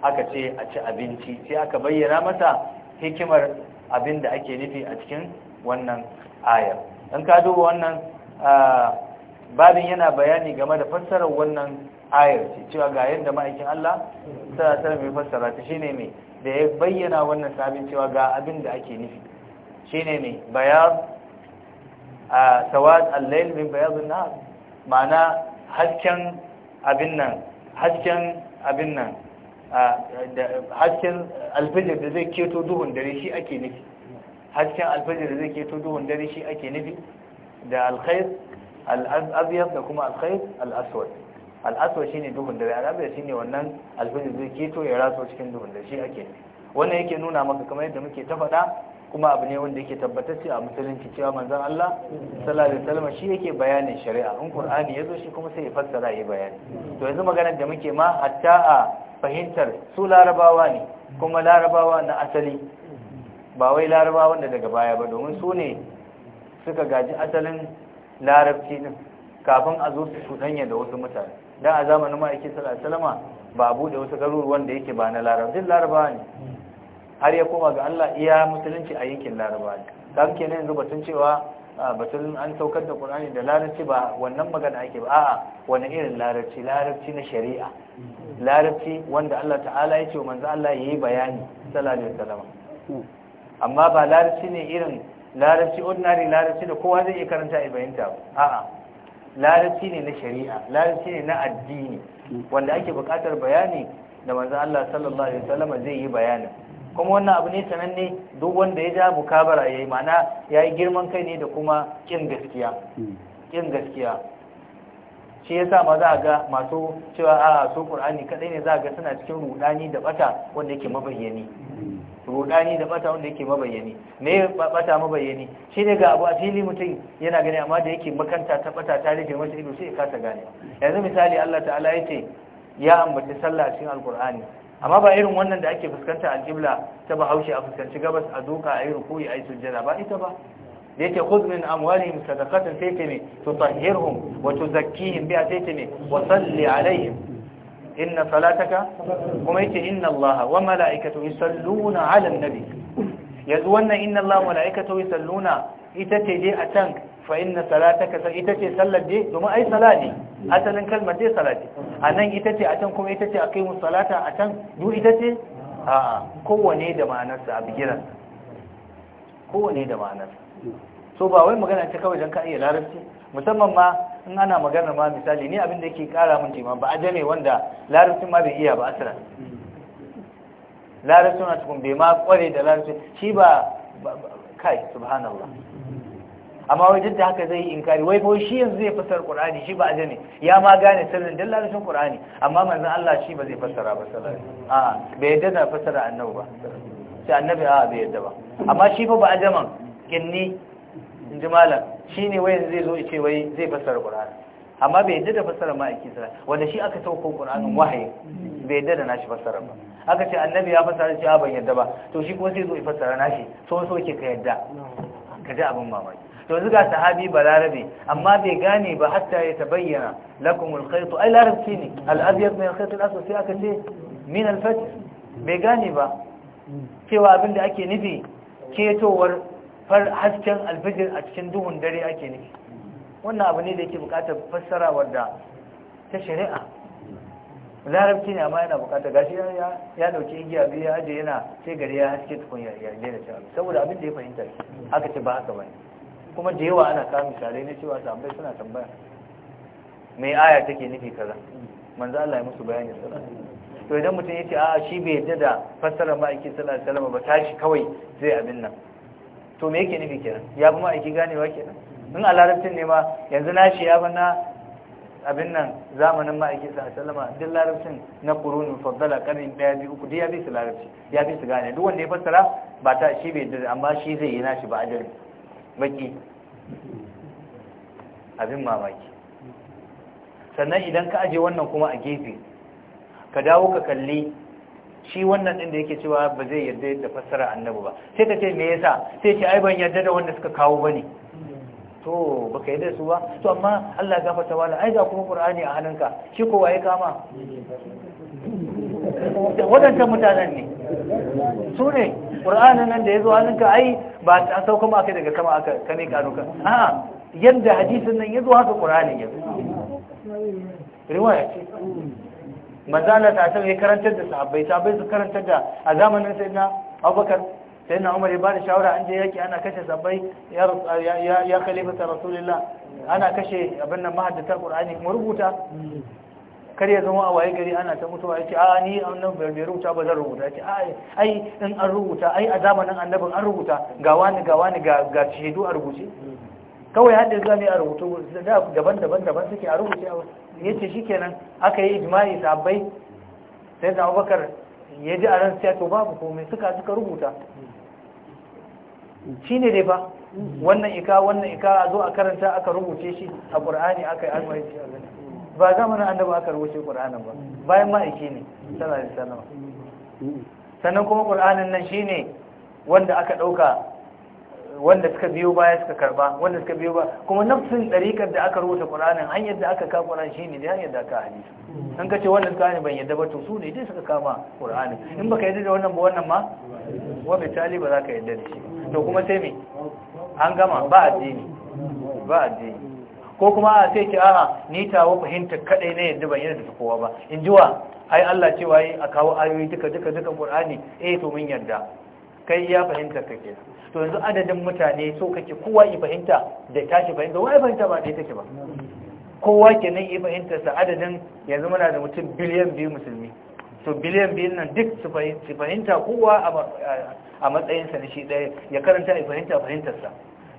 aka ce a ci abinci sai aka bayyana masa hikimar abin da ake nufi a cikin wannan ayar in ka duba wannan babin yana bayani game da fassarar wannan ayar cewa ga yadda ma'aikin Allah sai ta mai fassara ta shine mai da ya bayyana wannan sabin cewa ga abin da ake nufi shine mai bayar, a sawad al mai min bayaz na? ma'ana hasken abin nan hasken abin nan hasken alfijir da zai keto duhun dare shi ake nufi hasken alfajir da zai keto duhun dare shi ake nufi da alkhair al da kuma alkhair al-aswad shi ne duhun dare al'abiyar ne wannan alfini zai keto ya raso cikin duhun dare shi ake wannan yake nuna maka kamar yadda muke ta faɗa kuma abu ne wanda yake tabbatar a musulunci cewa manzon Allah sallallahu alaihi wasallam shi yake bayanin shari'a in Qur'ani yazo shi kuma sai ya fassara ya bayani to yanzu maganar da muke ma hatta a fahimtar su larabawa ne kuma larabawa na asali ba wai larabawa wanda daga baya ba domin su ne suka gaji asalin larabci din kafin a zo su cuɗanya da wasu mutane da a zamanin ma'aiki salama ba a buɗe wasu garuruwan da yake ba na larabci laraba ne har ya koma ga Allah iya musulunci a yankin laraba ne kan kenan yanzu batun cewa batun an saukar da Qur'ani da larabci ba wannan magana ake ba a'a wani irin larabci larabci na shari'a larabci wanda Allah ta'ala ya ce wa manzo Allah yayi bayani sallallahu alaihi wasallam amma ba larabci ne irin larabci ordinary larabci da kowa zai iya karanta a bayanta a'a larabci ne na shari'a larabci ne na addini wanda ake bukatar bayani da manzo Allah sallallahu alaihi wasallam zai yi bayanin kuma wannan abu ne sananne duk wanda ya ja mukabara yayi ma'ana yayi girman kai ne da kuma kin gaskiya kin gaskiya shi yasa ma za ga masu cewa a su Qur'ani kadai ne za ga suna cikin rudani da bata wanda yake mabayyani rudani da bata wanda yake mabayyani me bata mabayyani shine ga abu a filin mutum yana gani amma da yake makanta ta bata ta rufe masa ido sai ya kasa gane yanzu misali Allah ta'ala yace ya ambaci sallah cikin alqur'ani amma ba irin wannan da ake fuskanta jibla ta bahaushe a fuskanci gabas a doka a irin koyi a yi sujjada ba ita ba da yake khudh min amwalihim sadaqatan saytami tutahhirhum wa tuzakkihim biha saytami wa salli alaihim inna salataka kuma yace inna Allah wa mala'ikatu yusalluna 'alan nabi yanzu wannan inna Allah wa mala'ikatu yusalluna ita ce dai a can fa inna salataka ita ce sallar dai domin ai salati asalin kalmar dai salati anan ita ce a can kuma ita ce aqimu salata a can du ita ce a kowane da ma'anarsa a bigiran kowane da ma'anarsa so ba wai magana ce kawai don ka iya larabci musamman ma in ana magana ma misali ni abin da yake kara mun jima ba ajame wanda larabcin ma bai iya ba asira larabcin na tukun bai ma kware da larabcin shi ba kai subhanallah amma wai duk da haka zai yi inkari wai kawai shi yanzu zai fassara qur'ani shi ba ajame ya ma gane sirrin dan larabcin qur'ani amma manzon Allah shi ba zai fassara ba sallallahu alaihi wasallam bai yadda fasara fassara annabi ba sai annabi a bai yadda ba amma shi fa ba ajaman kinni ji malam shine wayan zai zo ce wai zai fassara qur'an amma bai yadda da fassara ma'aiki sara wanda shi aka sauko qur'anin wahayi bai yadda da nashi fassara ba aka ce annabi ya fassara shi a ban yadda ba to shi kuma zai zo ya fassara nashi so so ke ka yadda ka ji abin mamaki to zuga sahabi larabe amma bai gane ba hatta ya tabayyana lakumul khayt ay larabci ne al abyad min khayt al sai aka ce min al fajr bai gane ba cewa abin da ake nufi ketowar far hasken alfijir a cikin duhun dare ake nufi wannan abu ne da yake bukatar fassara wadda ta shari'a larabci ne amma yana bukatar gashi ya dauki igiya biyu ya aje yana sai gari ya haske tukun ya yarda da cewa saboda abin da ya fahimta aka ce ba haka bane kuma da yawa ana kawo misali na cewa sabbai suna tambaya mai aya take nufi kaza manzo Allah ya musu bayani sallallahu alaihi wasallam to idan mutum yace a shi bai yadda da fassara ma'aikin sallallahu alaihi wasallam ba tashi kawai zai abin nan to me yake nufi kenan ya fi ma'aiki ganewa kenan in a larabcin ne ma yanzu na shi ya fi na abin nan zamanin ma'aiki sa sallama duk larabcin na kurunin faddala karni daya biyu uku ya fi su larabci ya fi su gane duk wanda ya fassara ba ta shi bai da amma shi zai yi nashi ba ajali baki abin mamaki sannan idan ka aje wannan kuma a gefe ka dawo ka kalli shi wannan ɗin da yake cewa ba zai yarda da fassara annabu ba sai ka ce me yasa sai ce ai ban yarda da wanda suka kawo bane to baka yarda su ba to amma Allah ya gafarta wala ai ga kuma Qur'ani a hannunka shi ko waye kama wadannan mutanen ne su ne Al-Qur'ani nan da ya zo hannunka ai ba ta sauka ma kai daga kama aka kane kanuka a yanda hadisin nan ya zo haka ƙur'anin yazo riwaya ce manzala ta ta ya karantar da sahabbai sahabbai su karantar da a zamanin sai na Abubakar sai na Umar ya bada shawara an je yaki ana kashe sahabbai ya ya rasulullah ana kashe abin nan mahaddatar Qur'ani mu rubuta kar ya zama a waye gari ana ta mutuwa ya ce a ni annabi bai rubuta ba zan rubuta ce ai in an rubuta ai a zamanin annabin an rubuta ga wani ga wani ga ga a rubuce kawai hadda zuwa ne a rubutu daban daban daban suke a rubuce a wasu ya ce shi kenan aka yi ijma'i sabbai sai da abubakar ya ji a ran to babu komai suka suka rubuta shi ne dai fa wannan ika wannan ika a zo a karanta aka rubuce shi a ƙur'ani aka yi almari shi a gani ba zamanin ba aka rubuce ƙur'anin ba bayan ma aiki ne sallallahu alaihi wasallam sannan kuma ƙur'anin nan shine wanda aka ɗauka wanda suka biyo baya suka karba wanda suka biyo ba kuma nafsin dariƙar da aka rubuta Qur'anin hanyar da aka ka Qur'an shine da hanyar da aka hadisi an kace wannan kani ban yadda ba to su ne dai suka kama Qur'ani in baka yadda da wannan ba wannan ma wa tali ba za ka yadda da shi to kuma sai me an gama ba addini ba addini ko kuma sai ki a'a ni tawo fahimta kadai ne yadda ban yadda da kowa ba in ji wa ai Allah cewa yi a kawo ayoyi duka duka duka Qur'ani eh to mun yarda kai ya fahimta kake to yanzu adadin mutane so kake kowa ya fahimta da tashi fahimta wai fahimta ba dai take ba kowa kenan ya fahimta sa adadin yanzu muna da mutum biliyan biyu musulmi to biliyan biyu nan duk su fahimta kowa a matsayinsa na shi ɗaya ya karanta ya fahimta fahimtarsa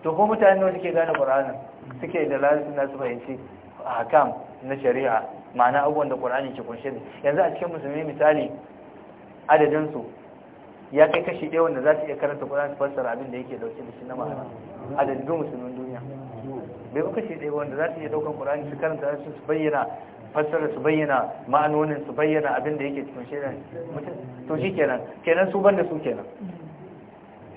to ko mutane ne suke gane Qur'ani suke da lalacin su fahimci ahkam na shari'a ma'ana abubuwan da Qur'ani ke kunshe yanzu a cikin musulmi misali adadinsu ya kai kashi ɗaya wanda za su iya karanta Qur'ani su fassara abin da yake dauke da shi na ma'ana a dalilin musulmin duniya bai ku kashi ɗaya wanda za su iya daukan Qur'ani su karanta su su bayyana fassara su bayyana ma'anonin su bayyana abin da yake cikin shi mutum to shi kenan kenan su banda su kenan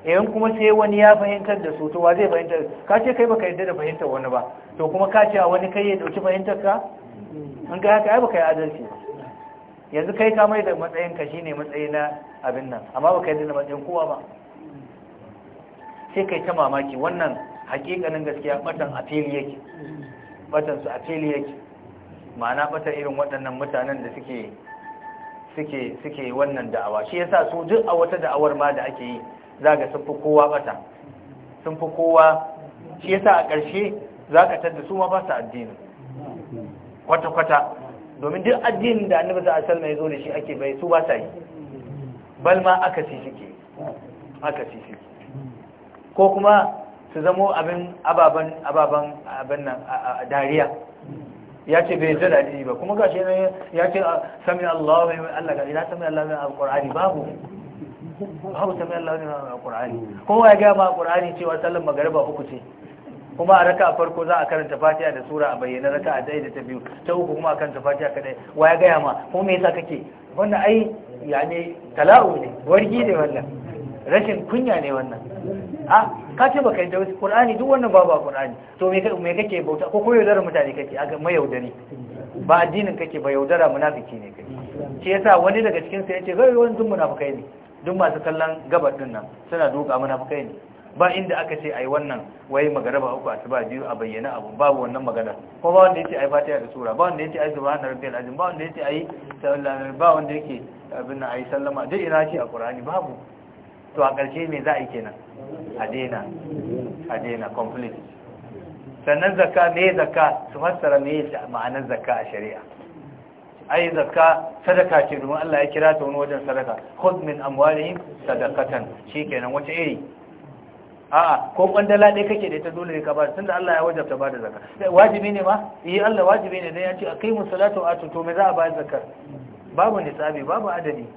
yayin kuma sai wani ya fahimtar da su to wa zai fahimtar ka ce kai baka yarda da fahimtar wani ba to kuma ka ce a wani kai ya dauki fahimtar ka an ga haka ai baka yi adalci ba yanzu kai ka mai da matsayin ka shine matsayi na abin nan amma baka yi da matsayin kowa ba sai kai ta mamaki wannan hakikanin gaskiya batan a fili yake batan su a fili yake ma'ana batan irin waɗannan mutanen da suke suke suke wannan da'awa shi yasa su duk a wata da'awar ma da ake yi zaga sun fi kowa bata sun fi kowa shi yasa a ƙarshe zaka tada su ma ba su addini kwata-kwata domin duk addinin da annabi sallallahu asal mai ya zo da shi ake bai su ba sa yi bal ma aka ci suke aka ci suke ko kuma su zamo abin ababan ababan abin nan a dariya ya ce bai jira addini ba kuma gashi ne ya ce ah, sami Allah wa Allah ga ila sami Allah wa alqur'ani babu babu sami Allah wa alqur'ani kowa ya ga ma alqur'ani cewa sallan magariba uku ce kuma a raka farko za a karanta fatiha da sura a bayyana raka a ɗaya da ta biyu ta uku kuma a karanta fatiha kadai wa ya gaya ma kuma me yasa kake wannan ai yani tala'u ne wargi ne wannan rashin kunya ne wannan a ah, ka ce baka yi da Qur'ani duk wannan babu a Qur'ani to me me kake bauta ko ko yaudara mutane kake a mai yaudari ba addinin kake ba yaudara munafiki ne kake shi yasa wani daga cikin ya yace kai wani dun munafikai ne duk masu kallon gabar din nan suna duka munafikai ne ba inda aka ce ai wannan wai magaraba uku ba biyu a bayyana abu babu wannan magana ko ba wanda yake ai fatiha da sura ba wanda yake ai subhana rabbiyal azim ba wanda yake ai sallallahu ba wanda yake abin ai sallama duk ina ce a qur'ani babu to a ƙarshe me za a yi kenan a daina a daina complete sannan zakka me zakka su fassara me ma'anar zakka a shari'a ai zakka sadaka ce domin Allah ya kira ta wani wajen sadaka khudh min amwalihim sadaqatan shikenan wace iri a'a ko kwandala ɗaya kake da ita dole ne ka ba tunda Allah ya wajabta ba da zakar. Eh, wajibi ne ma yi eh, Allah wajibi ne dan ya ce aqimu salatu wa atu to me za a ba zakar? babu nisabi babu adadi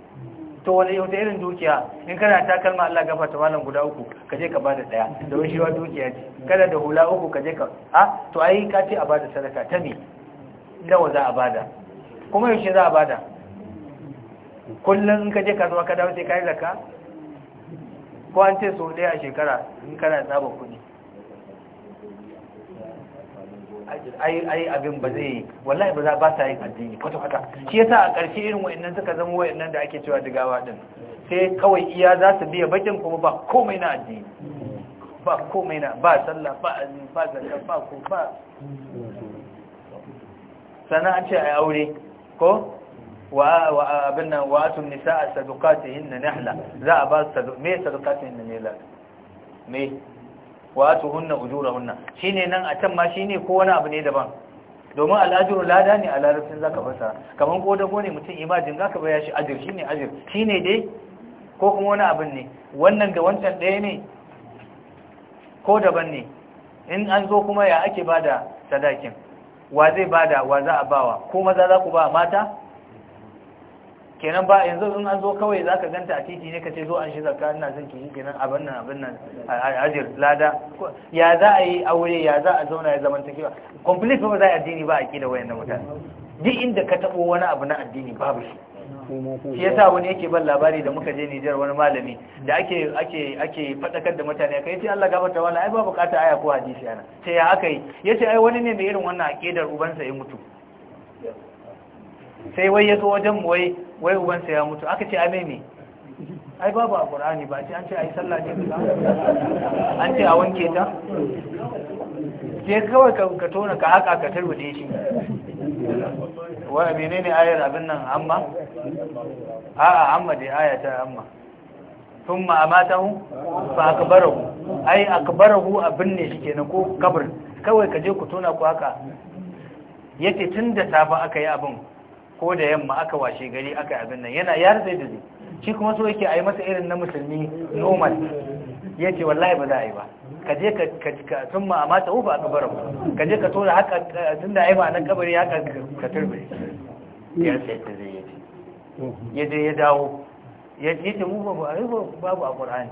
to wani yau irin dukiya in kana takalma Allah gafa ta malam guda uku ka je ka bada daya da shi shiwa dukiya ce kada da hula uku ka je ka a to ai ka ce a bada sadaka ta me nawa za a bada kuma yaushe za a bada kullum in ka je kasuwa ka dawo sai ka yi zakka ko an ce sau ɗaya a shekara in kana tsaba kuɗi ai abin ba zai wallahi ba za ba sa yin addini kwata kwata shi yasa a ƙarshe irin wayannan suka zama wayannan da ake cewa digawa din sai kawai iya za su biya bakin kuma ba komai na addini ba komai na ba sallah ba azumi ba zakka ba ko ba sannan ce ai aure ko wa abin nan wa atun nisa'a sadaqatihinna nahla za a ba su me sadaqatihinna nahla me wa atuhunna ujurahunna shine nan a can ma shine ko wani abu ne daban domin al'ajiru lada ne a larabcin zaka fasa kaman ko da ne mutum imajin zaka baya shi ajir shine ajir shine dai ko kuma wani abin ne wannan da wancan ɗaya ne ko daban ne in an zo kuma ya ake bada sadakin wa zai bada wa za a bawa ko maza za ku ba mata kenan ba yanzu sun an zo kawai za ka ganta a titi ne ka ce zo an shi zarka ina son kishi kenan abin nan abin nan ajir lada ya za a yi aure ya za a zauna ya zamanta kewa complete ba za a addini ba a wayan na mutane duk inda ka tabo wani abu na addini babu shi shi yasa wani yake ban labari da muka je Nijar wani malami da ake ake ake fadakar da mutane kai sai Allah gafarta wala ai ba bukata aya ko hadisi ana sai ya aka yi yace ai wani ne mai irin wannan akidar ubansa ya mutu sai wai ya zo wajen wai wai ubansa ya mutu aka ce a mai ai babu a ƙur'ani ba ce an ce a yi sallah ne ba an ce a wanke ta je kawai ka tona ka haka ka tarwade shi wa menene ayar abin nan amma a'a amma dai aya ta amma sun ma'amatahu fa akbarahu ai akbarahu abin ne shi kenan ko kabir kawai ka je ku tona ku haka Yake tun da safa aka yi abin ko da yamma aka washe gari aka abin nan yana yar da dole shi kuma so yake yi masa irin na musulmi normal yace wallahi ba za a yi ba ka je ka sun ma amma ta ufa a kabarin ka je ka tura haka tun da aiba nan kabari haka ka turbe ya sai ta zai yace ya je ya dawo ya ce mu ba babu a qur'ani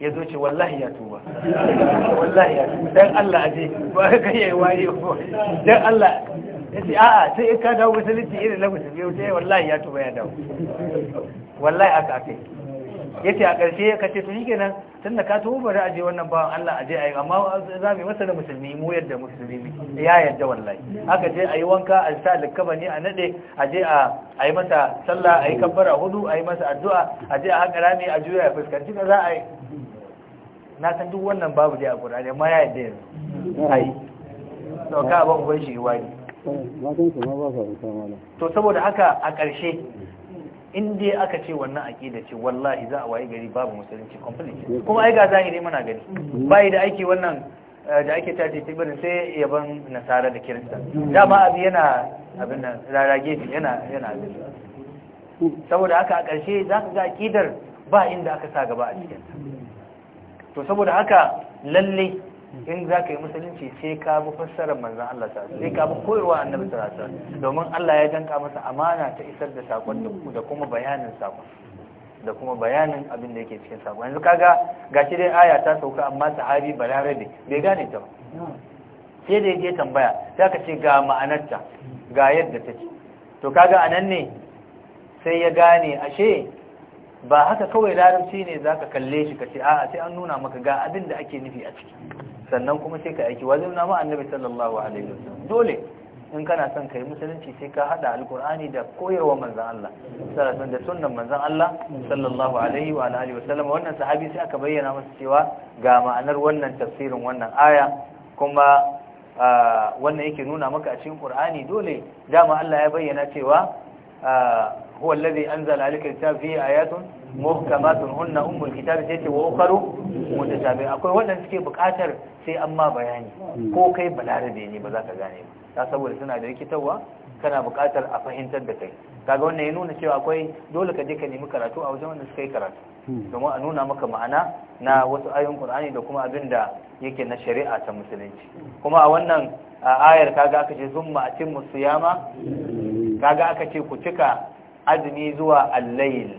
ya zo ce wallahi ya tuba wallahi ya tuba dan Allah aje ba kai yayi wari dan Allah ya ce a'a sai in ka dawo musulunci irin na musulmi wuce wallahi ya tuba ya dawo wallahi aka aka ya ce a ƙarshe ka ce to shikenan tun da ka tuba bari a je wannan bawan Allah a je a yi amma za mu masa da musulmi mu yadda musulmi ya yadda wallahi aka je a yi wanka a sa likkaba ne a nade a je a yi masa sallah a yi kabbara hudu a yi masa addu'a a je a haƙa rami a juya ya fuskanci ka za a yi na san duk wannan babu dai a Qur'ani amma ya yadda yanzu ai to ka ba uban shi wani to saboda haka a ƙarshe in dai aka ce wannan aƙida ce wallahi za a waye gari babu musulunci complete kuma ai ga zahiri muna gani bai da aiki wannan eh, da ake tace tibirin sai yaban nasara da kirista dama abi yana abin nan rarage yana yana abin saboda haka a ƙarshe za ka ga aƙidar ba inda aka sa gaba a cikin to saboda haka lalle in za ka yi musulunci sai ka bi fassarar manzan Allah ta sai ka bi koyarwa annabi ta domin Allah ya danka masa amana ta isar da sakon da kuma bayanin sakon da kuma bayanin abin da yake cikin sakon yanzu kaga shi dai aya ta sauka amma sahabi balarabe bai gane ta ba sai da yake tambaya sai ka ce ga ma'anarta ga yadda ta ce to kaga anan ne sai ya gane ashe ba haka kawai larabci ne zaka kalle shi ka ce a'a sai an nuna maka ga abin da ake nufi a ciki sannan kuma sai ka aiki wajen na ma annabi sallallahu alaihi wasallam dole in kana son kai musulunci sai ka hada alkur'ani da koyarwa manzon Allah sallallahu da sunnan manzon Allah sallallahu alaihi wa alihi wasallam wannan sahabi sai aka bayyana masa cewa ga ma'anar wannan tafsirin wannan aya kuma wannan yake nuna maka a cikin Qur'ani dole dama Allah ya bayyana cewa huwa allazi anzala alayka alkitaba fihi ayatun muhkamatun hunna ummul kitab sai ce wa ukharu mutashabi akwai waɗanda suke bukatar sai amma bayani ko kai balarabe ne ba za ka gane ba saboda suna da rikitarwa kana bukatar a fahimtar da kai kaga wannan ya nuna cewa akwai dole ka je ka nemi karatu a wajen wanda suka karatu domin a nuna maka ma'ana na wasu ayoyin Qur'ani da kuma abin da yake na shari'a ta musulunci kuma a wannan ayar kaga aka ce zumma atimmu siyama kaga aka ce ku cika azumi zuwa al-layl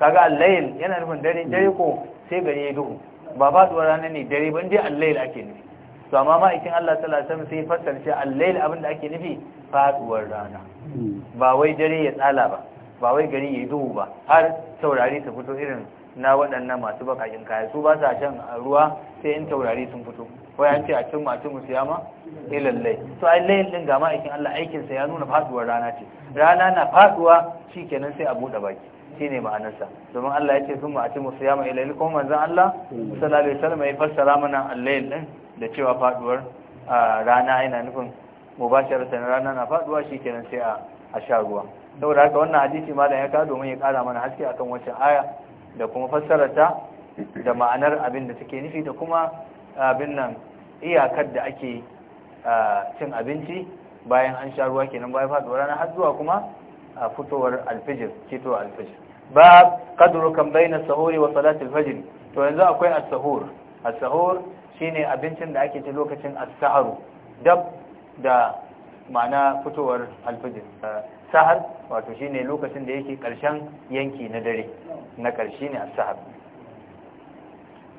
kaga allayil yana nufin dare dare hmm. ko sai gari ya duhu ba faduwar rana ne dare ban je allayil ake nufi to amma ma'aikin Allah sallallahu alaihi wasallam sai fassara shi allayil abin abinda ake nufi faduwar rana hmm. ba wai dare ya tsala ba ba wai gari ya duhu ba har taurari su fito irin na waɗannan masu bakakin kaya su ba sa shan ruwa sai in taurari sun fito ko ya ce a cin musu musiyama ilallai eh, to ai layin din ga ma'aikin Allah aikinsa ya nuna faduwar rana ce rana na faduwa shikenan sai a buɗe baki ne ma'anarsa domin Allah ya ce sun ma ati musu yama ilayil kuma manzan Allah sallallahu alaihi wasallam ya fassara mana al-layl din da cewa faduwar rana yana nufin mubasharatan rana na faduwa kenan sai a a sha ruwa saboda haka wannan hadisi malam ya ka domin ya kara mana haske akan wacce aya da kuma fassararta da ma'anar abin da take nufi da kuma abin nan iyakar da ake cin abinci bayan an sha ruwa kenan bayan faduwar rana har zuwa kuma a fitowar alfijir fitowar alfijir ba kadru kan baina sahuri wa salatul fajr to yanzu akwai as-sahur as-sahur shine abincin da ake ci lokacin as-saharu dab da ma'ana fitowar alfajir sahar wato shine lokacin da yake karshen yanki na dare na karshe ne as-sahar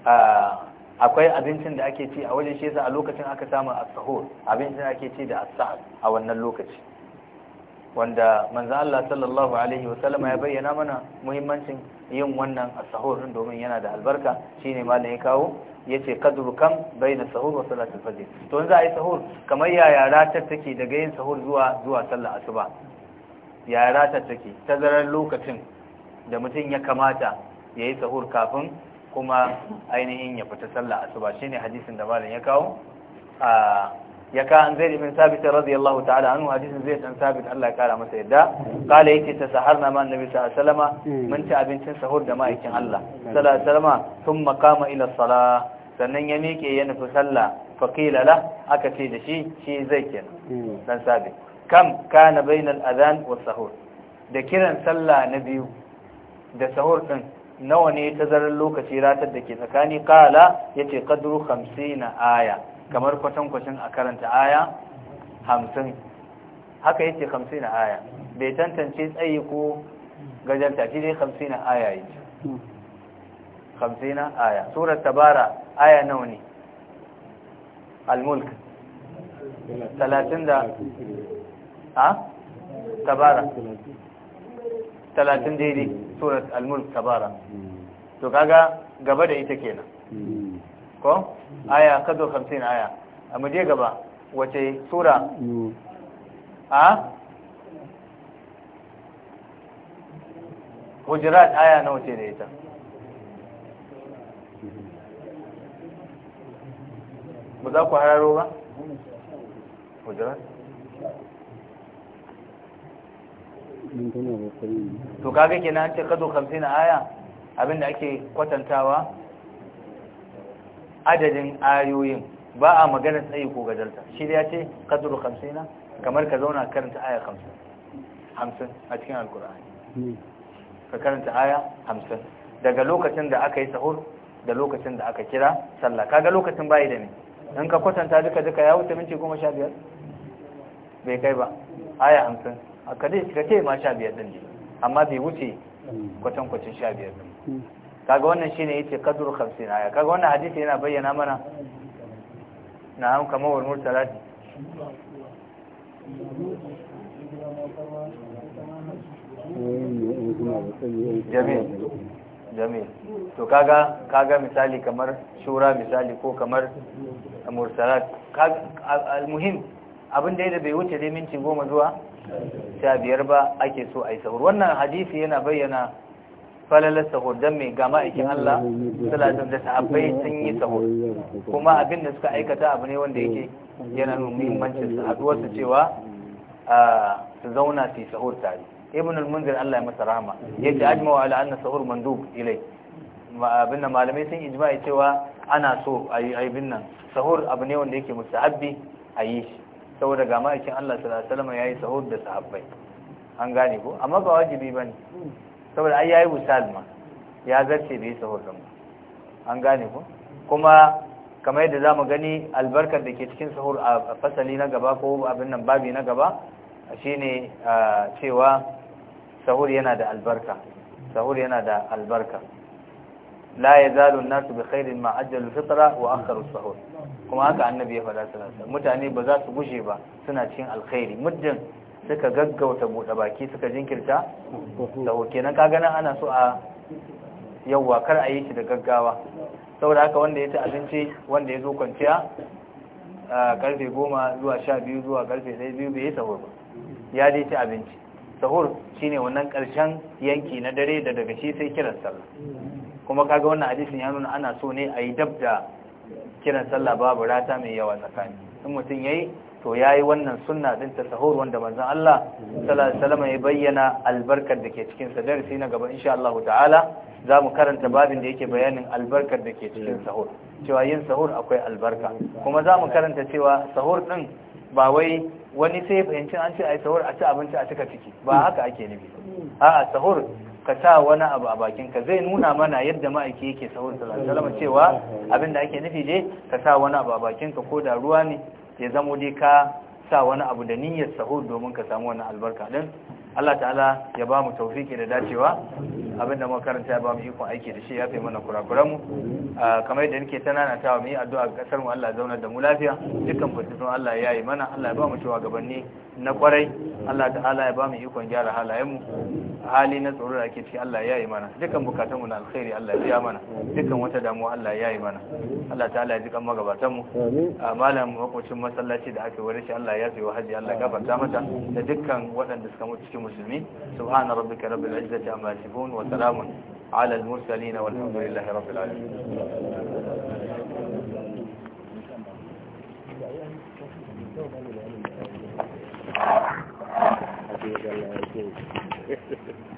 ah, akwai abincin da ake ci a wajen shi yasa a lokacin aka samu as-sahur abincin da ake ci da as-sahar a wannan lokaci wanda manzo Allah sallallahu alaihi wa sallama ya bayyana mana muhimmancin yin wannan as-sahur domin yana da albarka shine malam ya kawo yace kadru kam baina sahur wa salatul fajr to yanzu ai sahur kamar yara ta take daga yin sahur zuwa zuwa sallar asuba yara ta take tazarar lokacin da mutum ya kamata yayi sahur kafin kuma ainihin ya fita sallar asuba shine hadisin da malam ya kawo a ah, ya ka an zai ibn sabit radiyallahu ta'ala anhu hadisin zai ibn sabit Allah ya kara masa yadda kala yake ta saharna ma annabi sallallahu alaihi wasallam hmm. mun ci abincin sahur da ma'aikin Allah hmm. sallallahu alaihi wasallam thumma qama ila salah sannan ya miƙe ya nufi sallah faqila la aka ce da shi shi zai kenan hmm. dan sabit kam kana bainal adhan was sahur da kiran sallah na biyu da sahur din nawa ne zarar lokaci ratar da ke tsakani kala ya ce kadru na aya kamar kwatankwacin a karanta aya hamsin haka yake hamsin aya bai tantance tsayi ko gajarta shi dai hamsin aya yi hamsin aya surar tabara aya nawa ne almulk talatin da a tabara talatin daidai surat almulk tabara to kaga gaba da ita kenan hmm. ko aya zo hamsin aya a mu je gaba wace sura a hujirat aya nawa ce da ita ba za ku hararo ba hujirat? to kaga kenan an ce kazo 50 aya abinda ake kwatantawa adadin ayoyin ba a magana tsayi ko gajarta shi da ya ce kadru 50 kamar ka zauna karanta aya 50 50 a cikin alkur'ani ka karanta aya 50 daga lokacin da aka yi sahur da lokacin da aka kira sallah kaga lokacin bai da ne in ka kwatanta duka duka ya wuce minti 15 bai kai ba aya 50 ka ce ma 15 din amma bai wuce kwatankwacin 15 din kaga wannan shine yace qadru 50 aya kaga wannan hadisi yana bayyana mana na'am kamar wal mursalat jamil jamil to kaga kaga misali kamar shura misali ko kamar mursalat al-muhim abin da bai wuce dai minti goma zuwa 15 biyar ba ake so a yi sahur wannan hadisi yana bayyana falalar sahur don mai gama aikin Allah salatin da ta'abbai sun yi sahur kuma abin da suka aikata abu ne wanda yake yana nuna muhimmancin su haduwar su cewa su zauna su sahur tare ibn al-munzir Allah ya masa rahama yace ajma'u ala anna sahur mandub ilai abin nan malamai sun ijma'i cewa ana so ayi abin nan sahur abu ne wanda yake mustahabbi ayi shi saboda gama aikin Allah sallallahu alaihi wasallam yayi sahur da sahabbai an gane ko amma ba wajibi bane saboda ai yayi wisal ma ya zarce bai sahur din an gane ko kuma kamar yadda zamu gani albarkar da ke cikin sahur a fasali na gaba ko abin nan babi na gaba shine cewa sahur yana da albarka sahur yana da albarka la yazalu an-nasu bi khairin ma ajjalu fitra wa akharu sahur kuma haka annabi ya faɗa sallallahu alaihi wasallam mutane ba za su gushe ba suna cikin alkhairi muddin suka gaggauta buɗe baki suka jinkirta da kenan ka ganin ana so a yawwa kar a yi shi da gaggawa saboda haka wanda ya ci abinci wanda ya zo kwanciya a karfe goma zuwa sha biyu zuwa karfe sai biyu bai yi sahur ba ya dai ci abinci sahur shine wannan karshen yanki na dare da daga shi sai kiran sallah kuma kaga wannan hadisin ya nuna ana so ne a yi dab da kiran sallah babu rata mai yawa tsakani in mutum yayi to ya yi wannan sunna din ta sahur wanda manzon Allah sallallahu ya bayyana albarkar da ke cikin sa darasi na gaba insha Allah ta'ala za mu karanta babin da yake bayanin albarkar da ke cikin sahur cewa yin sahur akwai albarka kuma za mu karanta cewa sahur ɗin ba wai wani sai fahimci an ce a yi sahur a ci abinci a cika ciki ba haka ake nufi a'a sahur ka sa wani abu a bakinka zai nuna mana yadda ma'aiki yake sahur sallallahu alaihi wasallam cewa da ake nufi dai ka sa wani abu a bakinka ko da ruwa ne ya zamo dai ka sa wani abu da niyyar sahu domin ka samu wannan albarka din Allah ta'ala ya ba mu taufiki da dacewa abinda mu karanta ya ba mu ikon aiki da shi ya fi mana kurakuran mu kamar yadda nake tananatawa mu yi addu'a ga kasar mu Allah ya zauna da mu lafiya dukkan fitintun Allah ya yi mana Allah ya ba mu cewa gabanni na kwarai Allah ta'ala ya ba mu ikon gyara halayenmu hali na tsoro da ake ciki Allah ya yi mana dukan bukatunmu na alkhairi Allah ya mana dukan wata damuwa Allah ya yi mana Allah ta'ala ya ji kan magabatanmu a malam makocin masallaci da aka wurin shi Allah ya tsaye wa haji Allah gafarta mata da dukkan waɗanda suka mutu cikin musulmi subhana rabbika rabbil izzati amma yasifun wa salamun ala al mursalin walhamdulillahi rabbil alamin Thank you.